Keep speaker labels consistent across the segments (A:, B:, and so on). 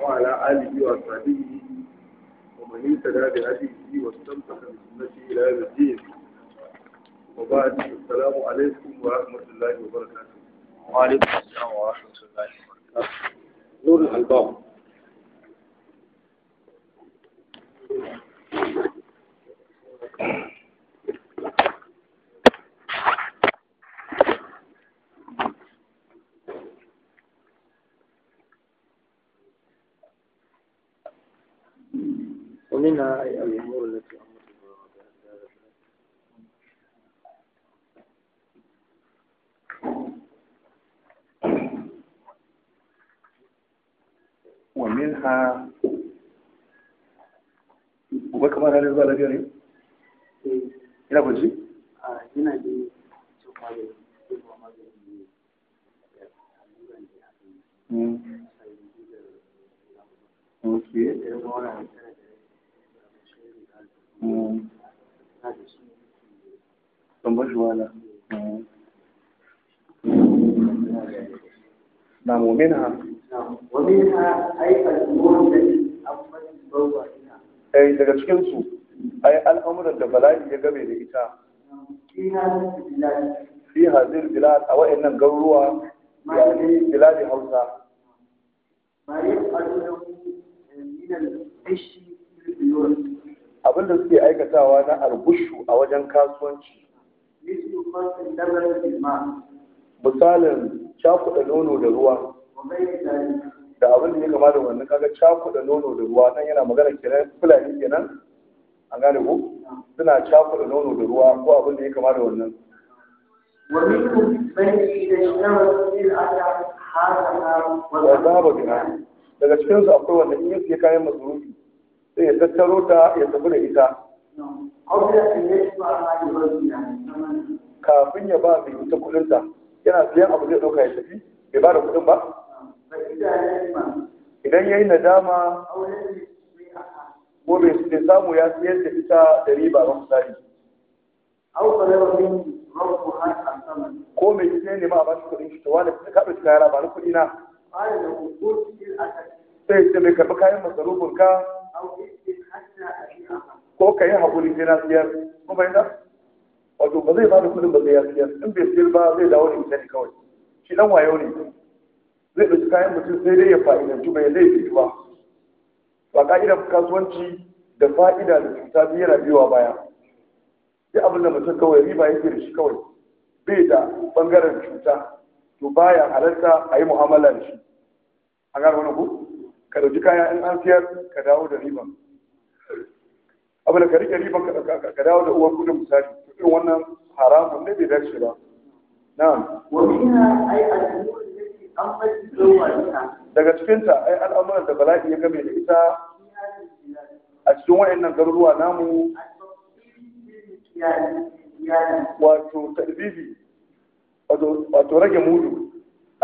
A: وعلى آله وأصحابه ومن اهتدى بهديه واستمسك بسنته إلى يوم الدين وبعد السلام عليكم ورحمة الله وبركاته وعليكم السلام ورحمة الله وبركاته نور الألباب ومنها أي الأمور التي أمر ومنها وكما لا نزال بيوني ina kunci? ina ji Okay. ban ba shi wala na momin ha wamin ha ai al'ummar da amma bawa ina daga al'amuran da bala'i ya game da ita fi hazir bilad a wa'annan hausa eh, miliyon abinda suke aikatawa na albushu a wajen kasuwanci misalin cakuɗa nono da ruwa da abin da ya kama da wannan kaga cakuɗa nono da ruwa nan yana magana kenan fulani kenan an gane ku? suna cakuɗa nono da ruwa ko abin da ya kama da wannan wa zaba bina daga cikinsu akwai wanda in ya siya kayan masurufi. sai ya tattaro ta ya tafi da ita kafin ya ba mai ita kudinta yana siyan abu zai ɗauka ya tafi bai ba da kudin ba idan ya yi nadama ko bai samu ya siyar da ita da riba ba misali ko mai ne ne ma a bashi kudin shi to wani kaɓe kayara ba na kudina sai ce mai karɓi kayan masarufin ka ko ka yi haƙuri sai na siyar kuma da wato ba zai ba da kudin ba zai ya siyar in bai siyar ba zai dawo da ita ne kawai shi dan wayo ne zai ɗauki kayan mutum sai dai ya fa'idantu bai zai fi ba ba ka'idar kasuwanci da fa'ida da cuta biyu yana biyowa baya sai abin da mutum kawai riba yake da shi kawai bai da ɓangaren cuta to baya halarta a yi mu'amala da shi a gano wani ku ka dauki kaya in an siyar ka dawo da riba abu da ka rike riba ka dawo da uwan kudin misali to irin wannan haramun ne bai dace ba na'am wa fiha ay daga cikinta, ai al'amuran da bala'i ya game da ita a cikin wayannan garuruwa namu wato tadbibi wato rage mudu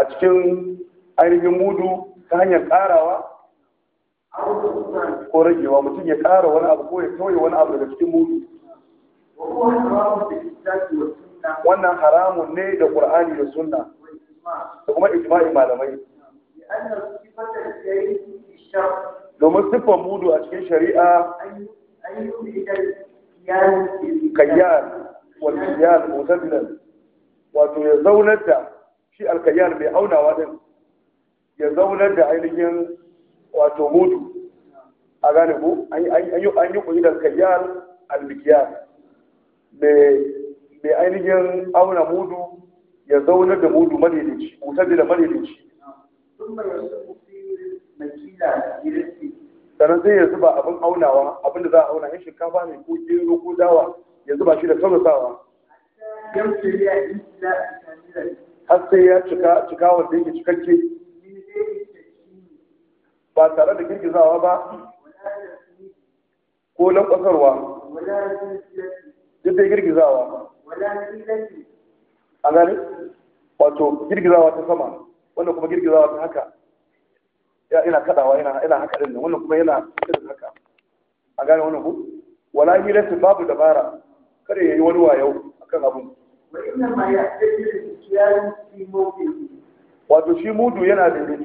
A: a cikin ainihin mudu ta hanyar karawa ko ragewa mutum ya ƙara wani abu ko ya tauye wani abu daga cikin mutu wannan haramun ne da qur'ani da sunna da kuma ijma'i malamai domin siffar mudu a cikin shari'a kayyar walkayyar mutazilan wato ya zaunar da shi alkayyar mai aunawa din ya zaunar da ainihin wato mudu a gane ku an yi kuyi da kayyar albikiya. mai ainihin auna mudu ya zaunar da mudu madaidaici mutar da madaidaici sannan sai ya zuba abin aunawa abin da za a auna in shinkafa ne ko gero ko dawa ya zuba shi da sarrafawa har sai ya cika wanda yake cikakke ba tare da girgizawa ba ko lankwasarwa duk da girgizawa a gani wato girgizawa ta sama wanda kuma girgizawa ta haka ya ina kadawa ina ina haka din wannan kuma yana irin haka a gane wannan ku wala hilatu babu dabara kare yayi wani wayo akan abun wato shi mudu yana da